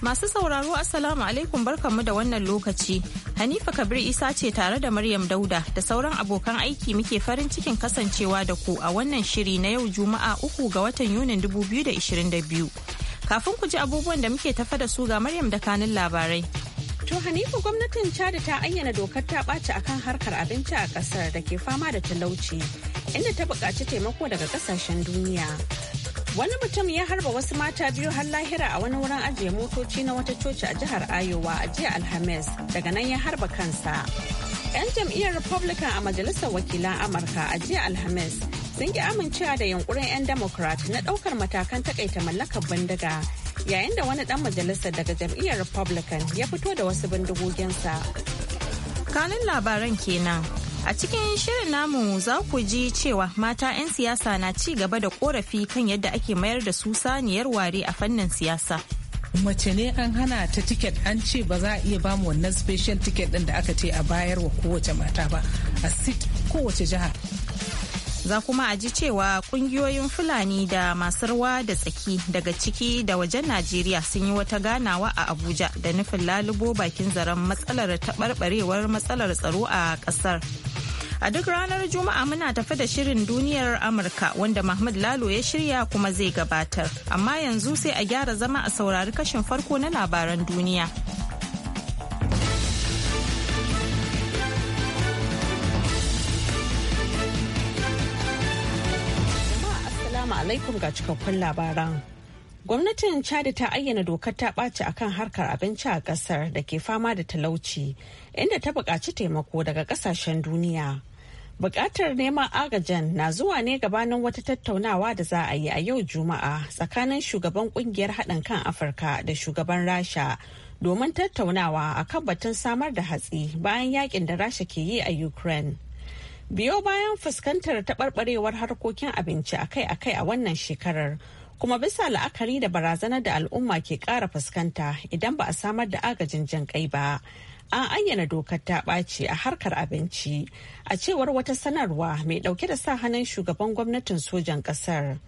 Masu sauraro Assalamu alaikum barkanmu da wannan lokaci. Hanifa Kabir Isa ce tare da Maryam Dauda da sauran abokan aiki muke farin cikin kasancewa da ku a wannan shiri na yau Juma'a uku ga watan Yunin 2022. Kafin ku ji abubuwan da muke tafa da su ga Maryam da kanin labarai. To Hanifa gwamnatin Chad ta ayyana dokar ta ɓaci akan harkar abinci a ƙasar da ke fama da talauci inda ta buƙaci taimako daga ƙasashen duniya. Wani mutum ya harba wasu mata biyu har lahira a wani wurin ajiye motoci na wata coci a jihar Ayowa a jiya Alhamis daga nan ya harba kansa. 'Yan jam'iyyar Republican a Majalisar Wakilan Amurka a jiya Alhamis sun ki amincewa da yunkurin 'yan Democrat na ɗaukar matakan takaita mallakar bindiga yayin da wani ɗan majalisar daga jam'iyyar Republican ya fito da wasu bindigoginsa. Kanin labaran kenan. A cikin shirin namu za ku ji cewa mata 'yan siyasa na ci gaba da korafi kan yadda ake mayar da su saniyar ware a fannin siyasa. mace ne an hana ta tiket an ce ba za a iya ba mu wannan special tiket din da aka ce a bayar wa kowace mata ba a sit kowace jiha za kuma a ji cewa kungiyoyin fulani da masu rawa da tsaki daga ciki da wajen najeriya sun yi wata ganawa a abuja da nufin lalubo bakin zaren matsalar taɓarɓarewar matsalar tsaro a ƙasar. A duk ranar Juma'a muna tafi da shirin duniyar Amurka wanda Mahmud Lalo ya shirya kuma zai gabatar. Amma yanzu sai a gyara zama a saurari kashin farko na labaran duniya. Assalamu alaikum ga cikakkun labaran. Gwamnatin Chad ta ayyana dokar ta ɓaci a kan harkar abinci a ƙasar da ke fama da talauci, inda ta buƙaci taimako daga ƙasashen duniya. Bukatar neman agajin na zuwa ne gabanin wata tattaunawa da za a yi a yau Juma'a tsakanin shugaban kungiyar haɗin kan Afirka da shugaban Rasha domin tattaunawa a kan batun samar da hatsi bayan yakin da Rasha ke yi a Ukraine. Biyo bayan fuskantar taɓarɓarewar harkokin abinci akai-akai a wannan shekarar. kuma bisa la'akari da barazanar da al'umma ke kara fuskanta idan ba a samar da agajin jan ba an ayyana dokar ta ɓaci a harkar abinci a cewar wata sanarwa mai ɗauke da sa hannun shugaban gwamnatin sojan ƙasar.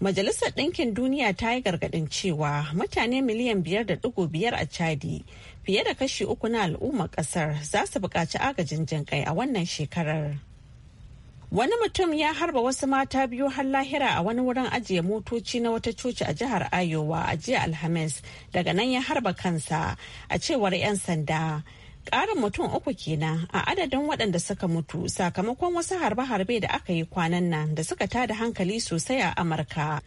Majalisar Ɗinkin Duniya ta yi gargaɗin cewa mutane miliyan biyar da ɗigo biyar a Chadi fiye da kashi uku na al'ummar ƙasar za su buƙaci agajin jinƙai a wannan shekarar. Wani mutum ya harba wasu mata biyu har lahira a wani wurin ajiye motoci na wata coci a jihar Ayowa a jiya Alhamis daga nan ya harba kansa a cewar 'yan sanda. Ƙarin mutum uku kenan a adadin waɗanda suka mutu sakamakon wasu harbe-harbe da aka yi kwanan nan da suka tada hankali sosai a Amurka.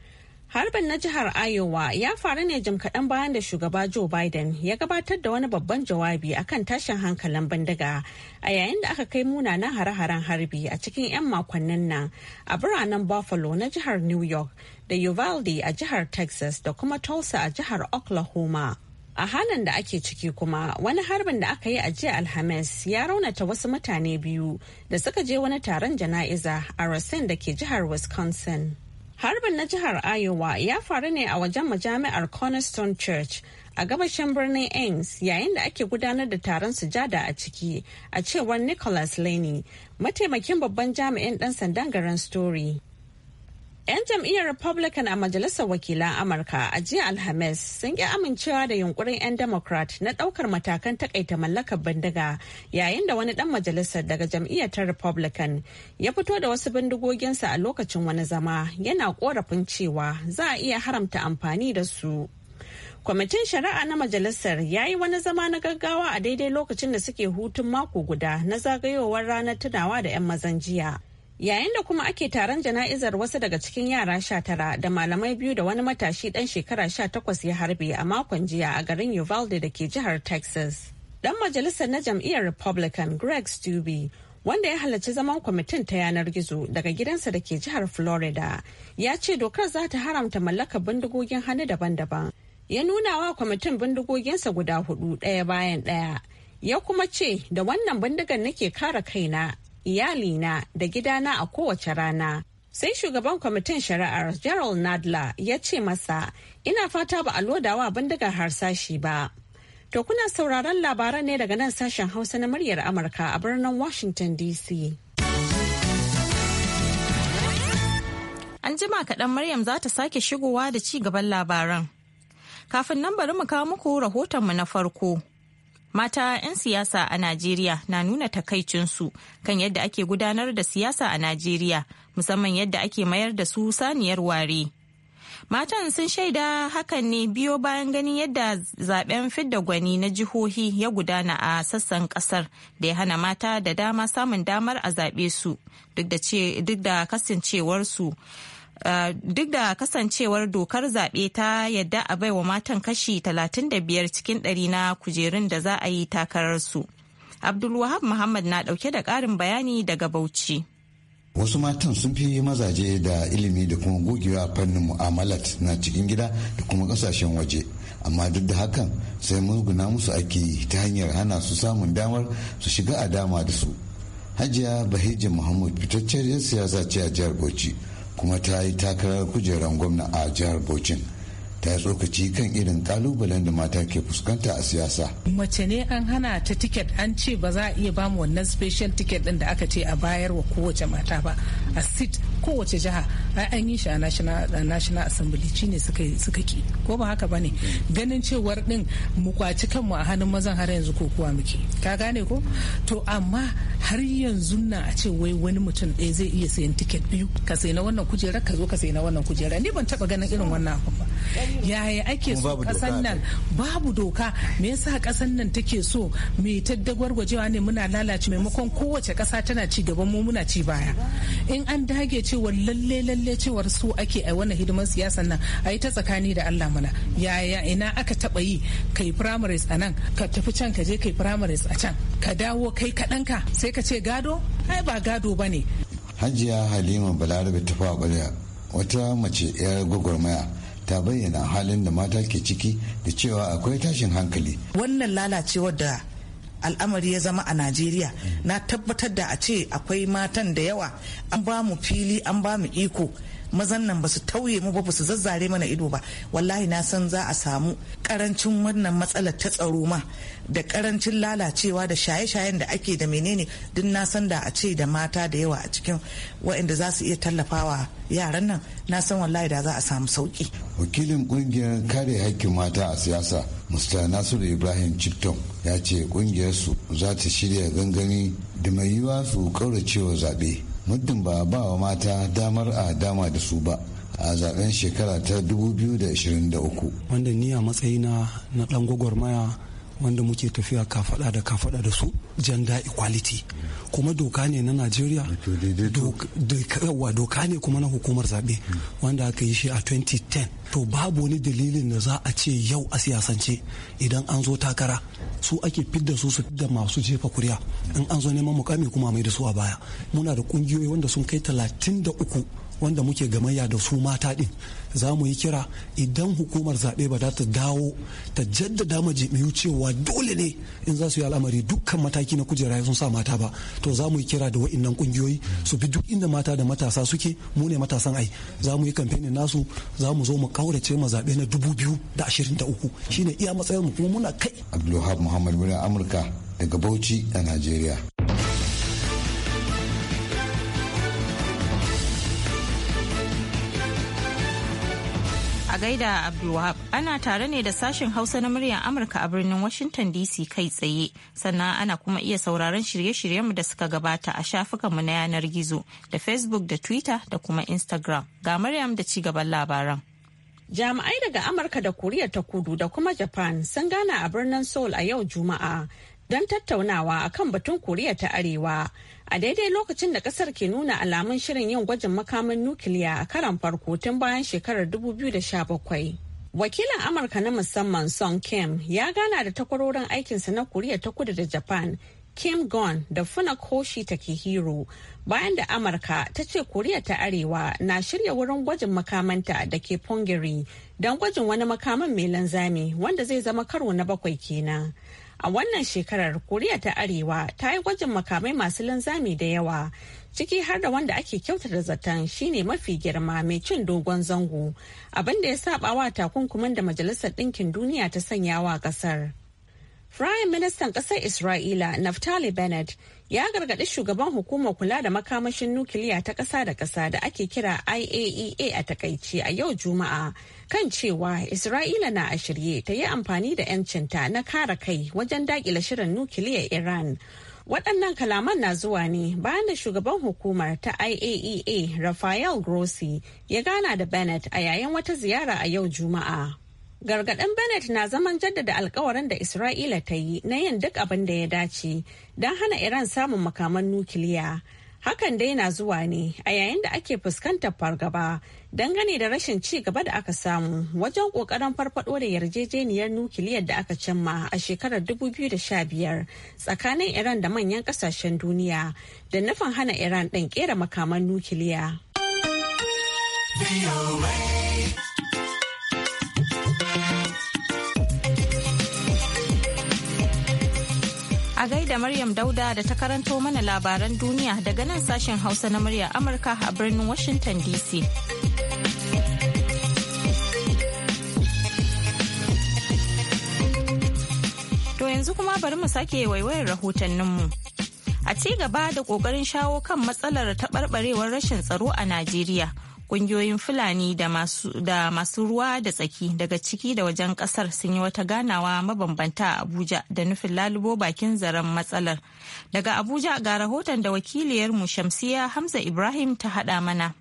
Harbin na jihar Iowa ya faru ne jim kaɗan bayan da shugaba Joe Biden ya gabatar da wani babban jawabi a kan tashin hankalin bindiga a yayin da aka kai munanan hare-haren harbi a cikin 'yan makonnin nan a biranen Buffalo na jihar New York da Uvalde a jihar Texas da kuma Tulsa a jihar Oklahoma. A halin da ake ciki kuma wani harbin da aka yi a jiya Alhamis ya raunata wasu mutane biyu da suka je wani taron jana'iza a Racine da ke jihar Wisconsin. Harbin na jihar Iowa ya faru ne a wajen majami'ar Cornerstone Church a gabashin birnin Ames yayin da ake gudanar da taron sujada a ciki a cewar Nicholas Laney, mataimakin babban jami'in ɗan sandan garin Story. 'Yan jam'iyyar Republican a Majalisar Wakilan Amurka a jiya Alhamis sun ƙi amincewa da yunkurin 'yan Democrat na ɗaukar matakan takaita mallakar bindiga yayin da wani ɗan majalisar daga jam'iyyar ta Republican ya fito da wasu bindigoginsa a lokacin wani zama yana korafin cewa za a iya haramta amfani da su. kwamitin shari'a na majalisar ya yi wani zama na gaggawa a daidai lokacin da suke hutun mako guda na zagayowar ranar tunawa da 'yan mazan jiya yayin da kuma ake taron jana'izar wasu daga cikin yara sha tara da malamai biyu da wani matashi dan shekara sha takwas ya harbe a makon jiya a garin uvalde da ke jihar texas dan majalisar na jam'iyyar republican greg stubbe wanda ya halarci zaman kwamitin ta yanar gizo daga gidansa da ke jihar florida ya ce dokar za ta haramta mallakar bindigogin hannu daban-daban ya nuna wa kwamitin bindigoginsa guda hudu ɗaya bayan ɗaya ya kuma ce da wannan bindigan nake kare kaina iyalina da gidana a kowace rana sai shugaban kwamitin shari'ar gerald nadler ya ce masa ina fata ba a lodawa bindigar harsashi ba to kuna sauraron labaran ne daga nan sashen hausa na muryar amurka a birnin washington dc an jima kaɗan maryam za ta sake shigowa da ci gaban labaran kafin nan bari mu kawo muku rahotonmu na farko mata 'yan siyasa a Najeriya na nuna takaicinsu kan yadda ake gudanar da siyasa a Najeriya musamman yadda ake mayar da su saniyar ware. Matan sun shaida hakan ne biyo bayan ganin yadda zaben fidda gwani na jihohi ya gudana a sassan kasar da ya hana mata da dama samun damar a zaɓe su duk da kasancewarsu. Eh, duk da kasancewar dokar zaɓe ta yadda a bai wa matan kashi 35 cikin ɗari na kujerun da za a yi takararsu. Abdulwahab Muhammad na ɗauke da ƙarin bayani daga Bauchi. wasu matan sun fi mazaje da ilimi da kuma gogewa fannin mu'amalat na cikin gida da kuma kasashen waje amma duk da hakan sai muguna musu ake ta hanyar hana su samun damar su shiga a dama da su hajiya bahija muhammad fitaccen siyasa ce a jihar bauchi kuma ta yi takarar kujerar gwamna a jihar Bauchin. ta yi tsokaci kan irin kalubalen da mata ke fuskanta a siyasa. Mace ne an hana ta tiket an ce ba za a iya bamu wannan special tiket din da aka ce a bayar wa kowace mata ba. a seat kowace jiha an yi shi a national assembly ci ne suka ki ko ba haka bane ganin cewar din mu kwaci kanmu a hannun mazan har yanzu ko kuwa muke ka gane ko to amma har yanzu nan a ce wai wani mutum ɗaya zai iya sayan tiket biyu ka sayi na wannan kujera ka zo ka sayi na wannan kujera ni ban taba ganin irin wannan abu ba yaya ake so kasan nan babu doka me yasa kasan nan take so me ta gwajewa ne muna lalace maimakon kowace kasa tana ci gaban mu muna ci baya in an dage cewar lalle lalle cewar su ake a wannan hidimar siyasa nan a yi ta tsakani da Allah mana yaya ina aka taba yi kai primaries a nan ka tafi can ka je kai primaries a can ka dawo kai ka sai ka ce gado ai ba gado ba ne hajiya halima balarabe ta faɓalya wata mace 'yar gwagwarmaya ta bayyana halin da mata ke ciki da cewa akwai tashin hankali wannan lalacewar da al'amari ya zama a najeriya na tabbatar da a ce akwai matan da yawa an ba mu fili an ba mu iko mazan nan ba su tauye mu ba su zazzare mana ido ba wallahi na san za a samu karancin wannan matsalar ta tsaro ma da karancin lalacewa da shaye-shayen da ake da menene duk na san da a ce da mata da yawa a cikin waɗanda za su iya tallafawa yaran nan na san wallahi da za a samu sauki wakilin kungiyar kare haƙƙin mata a siyasa musta nasiru ibrahim chipton ya ce kungiyarsu za ta shirya gangami da mai yiwa su kauracewa zaɓe muddin ba ba wa mata damar a dama da su ba a zaben shekara ta 2023 wanda ni a matsayina na dan gwagwarmaya wanda muke tafiya ka fada da ka fada da su gender equality kuma doka ne na Najeriya doka ne kuma na hukumar zaɓe wanda aka yi shi a 2010 to babu wani dalilin da za a ce yau a siyasance idan an zo takara su ake fidda su su fidda masu jefa kuriya in an zo neman mukami kuma mai da su a baya muna da kungiyoyi wanda sun kai talatin da uku wanda muke gamayya da su mata din za mu yi kira idan hukumar zaɓe ba za ta dawo ta jaddada ma jami'u cewa dole ne in za su yi al'amari dukkan mataki na kujera sun sa mata ba to za mu yi kira da wa'innan kungiyoyi su bi duk inda mata da matasa suke mu ne matasan ai za mu yi kamfenin nasu za mu zo mu ƙaurace ma zaɓe na dubu biyu da ashirin da uku shine iya matsayin mu kuma muna kai abdulwahab muhammad muna amurka daga bauchi a najeriya a gaida Abdulwahab ana tare ne da sashen Hausa na muryar Amurka a birnin Washington DC kai tsaye sannan ana kuma iya sauraron shirye-shiryenmu da suka gabata a shafukanmu na yanar gizo da Facebook da Twitter da kuma Instagram ga Maryam da cigaban labaran. Jami'ai daga Amurka da Koriya ta Kudu da kuma Japan sun gana a birnin Seoul a yau Juma'a don tattaunawa akan batun Koriya ta Arewa. a daidai lokacin da kasar ke nuna alamun shirin yin gwajin makamin nukiliya a karan farko tun bayan shekarar 2017 wakilin amurka na musamman son kim ya gana da takwarorin aikinsa na koriya ta kudu da japan kim gon da funak hoshi takehiro bayan da amurka ta ce koriya ta arewa na shirya wurin gwajin makamanta da ke Pungiri, don gwajin wani makaman mai lanzami wanda zai zama karo na bakwai kenan A wannan shekarar Koriya ta Arewa ta yi gwajin makamai masu linzami da yawa, ciki har da wanda ake kyautata zaton shine mafi girma mai cin dogon zango, abinda ya saba wa takunkumin da Majalisar Ɗinkin Duniya ta sanya wa ƙasar. Firayim Ministan Ƙasar Isra'ila Naftali Bennett ya gargaɗi shugaban hukumar kula da makamashin nukiliya ta ƙasa da ƙasa da ake kira IAEA a e takaici a yau Juma'a kan cewa Isra'ila na a shirye ta yi amfani da 'yancinta na kare kai wajen daƙile shirin nukiliyar Iran. Waɗannan kalaman na zuwa ne bayan da shugaban hukumar ta IAEA e Rafael Grossi ya gana da Bennett a yayin wata ziyara a yau Juma'a. Gargaɗin Bennett na zaman jaddada alkawarin da Isra'ila ta yi na yin duk abin da ya dace don hana Iran samun makaman nukiliya. Hakan dai na zuwa ne a yayin da ake fuskantar fargaba dangane da rashin ci gaba da aka samu wajen ƙoƙarin farfaɗo da yarjejeniyar nukiliyar da aka cimma a shekarar 2015 tsakanin Iran da manyan ƙasashen duniya da nufin hana Iran ɗin ƙera makaman nukiliya. da Maryam Dauda da ta karanto mana labaran duniya daga nan sashen Hausa na murya Amurka a birnin Washington DC. To yanzu kuma bari mu sake waiwayar rahotanninmu. A ci gaba da ƙoƙarin shawo kan matsalar taɓarɓarewar rashin tsaro a Najeriya. kungiyoyin fulani da masu ruwa da tsaki daga ciki da wajen kasar sun yi wata ganawa mabambanta a abuja da nufin lalubo bakin zaren matsalar daga abuja ga rahoton da wakiliyarmu shamsiya hamza ibrahim ta haɗa mana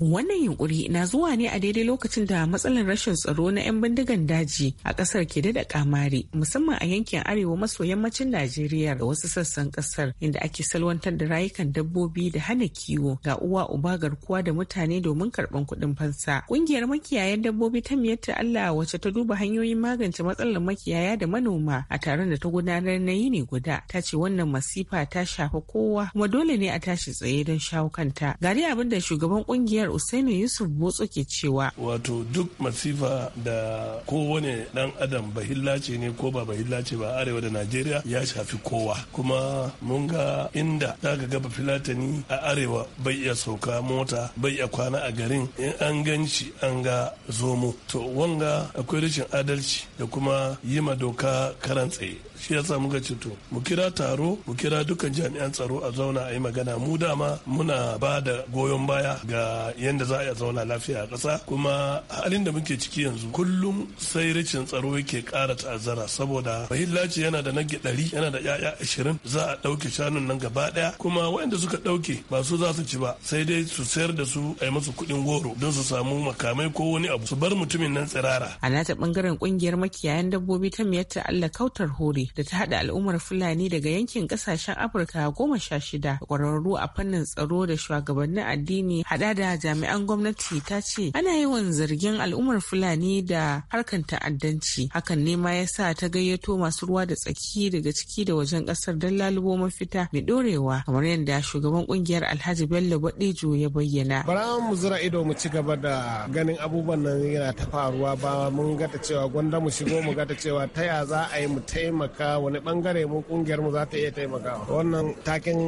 Wannan yunkuri na zuwa ne a daidai lokacin da matsalar rashin tsaro na 'yan bindigan daji a kasar ke da kamari musamman a yankin arewa maso yammacin Najeriya da wasu sassan kasar inda ake salwantar da rayukan dabbobi da hana kiwo ga uwa uba garkuwa da mutane domin karban kuɗin fansa. Kungiyar makiyayan dabbobi ta miyatta Allah wacce ta duba hanyoyin magance matsalar makiyaya da manoma a taron da ta gudanar na yini guda ta ce wannan masifa ta shafa kowa kuma dole ne a tashi tsaye don shawo kanta. Gari abin da shugaban kungiyar jihar usainu yusuf botso ke cewa wato duk masifa da kowane dan adam bahilla ce ne ko ba bahilla ce ba arewa da najeriya ya shafi kowa kuma mun ga inda za ka gaba filatani a arewa bai iya sauka mota bai iya kwana a garin in an shi an ga zomo to wanga akwai rashin adalci da kuma yi ma doka karan tsaye shi yasa muka ga ceto mu kira taro mu kira dukkan jami'an tsaro a zauna a yi magana mu dama muna ba da goyon baya ga yadda za a yi zauna lafiya a ƙasa kuma halin da muke ciki yanzu kullum sai rashin tsaro yake ƙara ta'azzara saboda mahillaci yana da nage ɗari yana da ƴaƴa ashirin za a ɗauke shanun nan gaba ɗaya kuma waɗanda suka ɗauke ba su za su ci ba sai dai su sayar da su a yi musu kuɗin goro don su samu makamai ko wani abu su bar mutumin nan tsirara. A nata ɓangaren ƙungiyar makiyayan dabbobi ta miyatta Allah kautar hore da ta haɗa al'ummar Fulani daga yankin ƙasashen Afirka goma sha shida kwararru, a fannin tsaro da shugabannin addini haɗa da jami'an gwamnati ta ce ana yawan zargin al'ummar Fulani da harkar ta'addanci. Hakan ne ma ya sa ta gayyato masu ruwa da tsaki daga ciki da wajen ƙasar don lalubo mafita mai ɗorewa kamar yadda shugaban ƙungiyar Alhaji Bello Baɗejo ya bayyana. Bara mu zura ido mu ci gaba da ganin abubuwan nan yana ta faruwa ba mun gata cewa gwanda mu shigo mu gata cewa ta ya za a yi mu taimaka taimaka wani bangare mu kungiyar mu za ta iya taimakawa wannan takin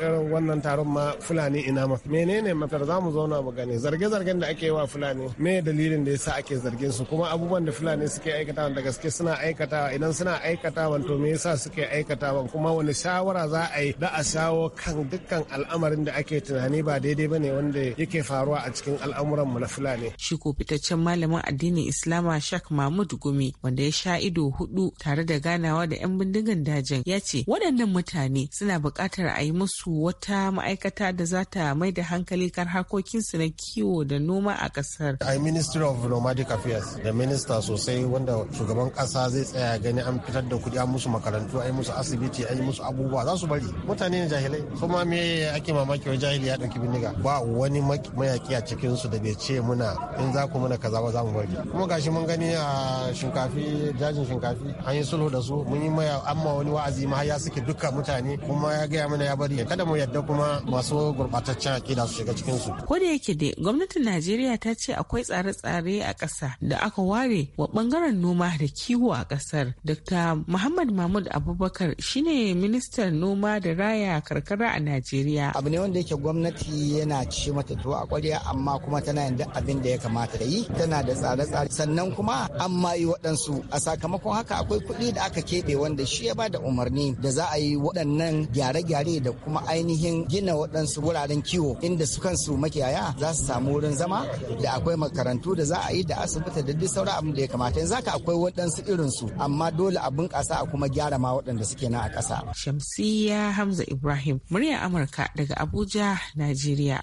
irin wannan taron ma fulani ina ma menene matar za mu zauna mu gani zarge-zargen da ake wa fulani me dalilin da yasa ake zargin su kuma abubuwan da fulani suke aikatawa da gaske suna aikatawa idan suna aikatawa to me yasa suke aikatawa kuma wani shawara za a yi da a shawo kan dukkan al'amarin da ake tunani ba daidai bane wanda yake faruwa a cikin al'amuran mu na fulani shi ko fitaccen malamin addinin islama shak mahmud gumi wanda ya sha ido hudu tare da ganawa da 'yan bindigan dajin ya ce waɗannan mutane suna buƙatar a yi musu wata ma'aikata da za ta mai da hankali kan harkokinsu na kiwo da noma a ƙasar. I Ministry of Nomadic Affairs da minista sosai wanda shugaban ƙasa zai tsaya gani an fitar da kuɗi an musu makarantu an yi musu asibiti an yi musu abubuwa za su bari mutane ne jahilai kuma me ake mamaki wa jahili ya ɗauki bindiga ba wani mayaki a cikin su da bai ce muna in za ku muna kaza ba za mu bari kuma gashi mun gani a shinkafi dajin shinkafi an yi sulhu da su mun yi maya amma wani wa'azi ma ya suke duka mutane kuma ya gaya mana ya bari kada mu yadda kuma masu gurbataccen akida su shiga cikin su ko da yake dai gwamnatin Najeriya ta ce akwai tsare-tsare a ƙasa da aka ware wa bangaren noma da kiwo a ƙasar Dr. Muhammad Mahmud Abubakar shine ministan noma da raya karkara a Najeriya abu ne wanda yake gwamnati yana ci mata tuwo a ƙwarya? amma kuma tana yin abin da ya kamata da yi tana da tsare-tsare sannan kuma amma yi waɗansu a sakamakon haka akwai kuɗi da aka keɓe zaɓe wanda shi ya bada umarni da za a yi waɗannan gyare-gyare da kuma ainihin gina waɗansu wuraren kiwo inda su kansu makiyaya za su samu wurin zama da akwai makarantu da za a yi da asibiti da duk sauran abin da ya kamata yanzu ka akwai waɗansu irinsu amma dole a bunƙasa a kuma gyara ma waɗanda suke nan a ƙasa. Shamsiyya Hamza Ibrahim, muryar Amurka daga Abuja, Najeriya.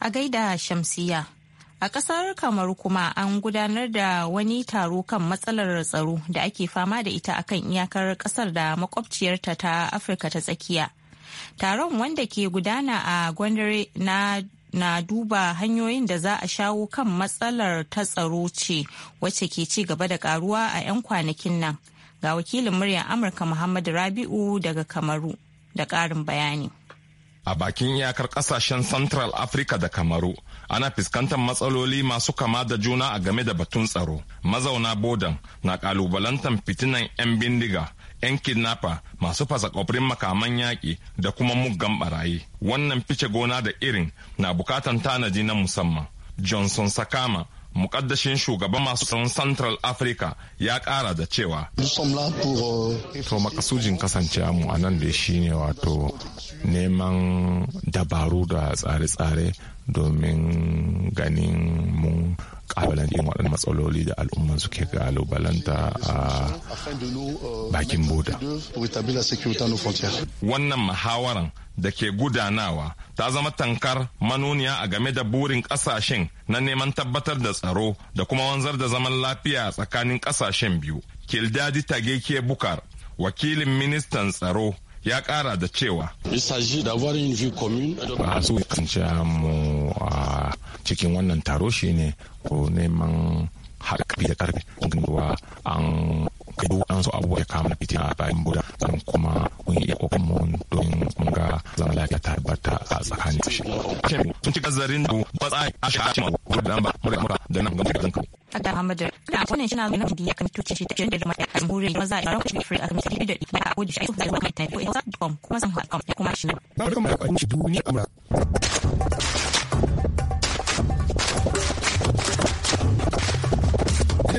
A gaida Shamsiyya. A kasar Kamaru kuma an gudanar da wani taro kan matsalar tsaro da ake fama da ita a kan iyakar kasar da makwabciyarta ta Afirka ta tsakiya. Taron wanda ke gudana a gwandare na na duba hanyoyin da za a shawo kan matsalar ta tsaro ce wacce ke ci gaba da karuwa a 'yan kwanakin nan. Ga wakilin muryar Amurka Muhammadu Rabi'u daga Kamaru da ƙarin bayani. A bakin iyakar kasashen Central Africa da Kamaru. ana fuskantar matsaloli masu kama da juna a game da batun tsaro mazauna bodan na kalubalantar fitinan 'yan bindiga 'yan kidnapper masu fasa kwafrin makaman yaƙi da kuma muggan barayi wannan fice gona da irin na bukatan tanaji na musamman johnson sakama mukaddashin shugaban masu tsaron central africa ya kara da cewa to makasujin kasancewa mu a nan da shi ne wato neman dabaru da tsare-tsare domin ganin mun yin waɗanda matsaloli da al'umman suke kalubalanta a bakin boda wannan mahawaran da ke gudanawa ta zama tankar manuniya a game da burin kasashen na neman tabbatar da tsaro da kuma wanzar da zaman lafiya tsakanin kasashen biyu. Kildadi Tageke Bukar, wakilin ministan tsaro ya kara da cewa. cikin wannan taro shine ko neman haɗa da karfe an kai duk an so abubuwa ya kama na fitina a bayan buda kuma kun yi kokarin mu tsakanin kashi sun ci gazarin da ba a shi a cikin gudan da nan gamar zanka Aga Hamadu, a kwanan shi na nuna da ya kan tuce shi ta jirin da mata a jamhuriyar maza a yaran a kamar da a gudu shi a zuwa mai tafi a kuma sun haɗa kuma shi kwanci duniya a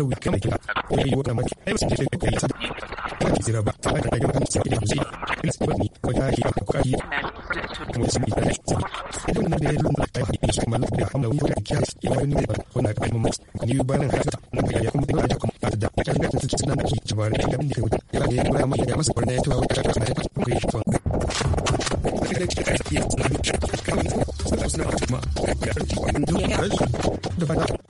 kawai kan kin ko yayi wannan maki ai wasu ke kai sa kan ki zira ba ta ka ga sai da zai kan sai ni ko ta ki ko kai kuma sai ni kai idan nan da yayi lungu ta ki kuma da hamla ya wani ba mun ba nan ka ya kuma da kuma ta da ta ga ki ya ga ya ya masa ya ta ta yi to da fata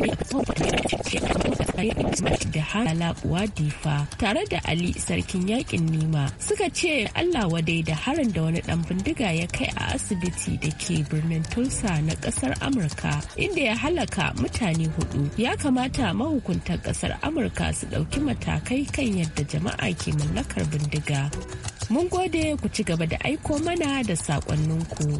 tare da ali sarkin yakin nima suka ce allah wadai da harin da wani dan bindiga ya kai a asibiti da ke birnin tulsa na kasar amurka inda ya halaka mutane hudu ya kamata mahukuntan kasar amurka su dauki matakai kan yadda jama'a ke mallakar bindiga mun gode ku ci gaba da aiko mana da sakonninku.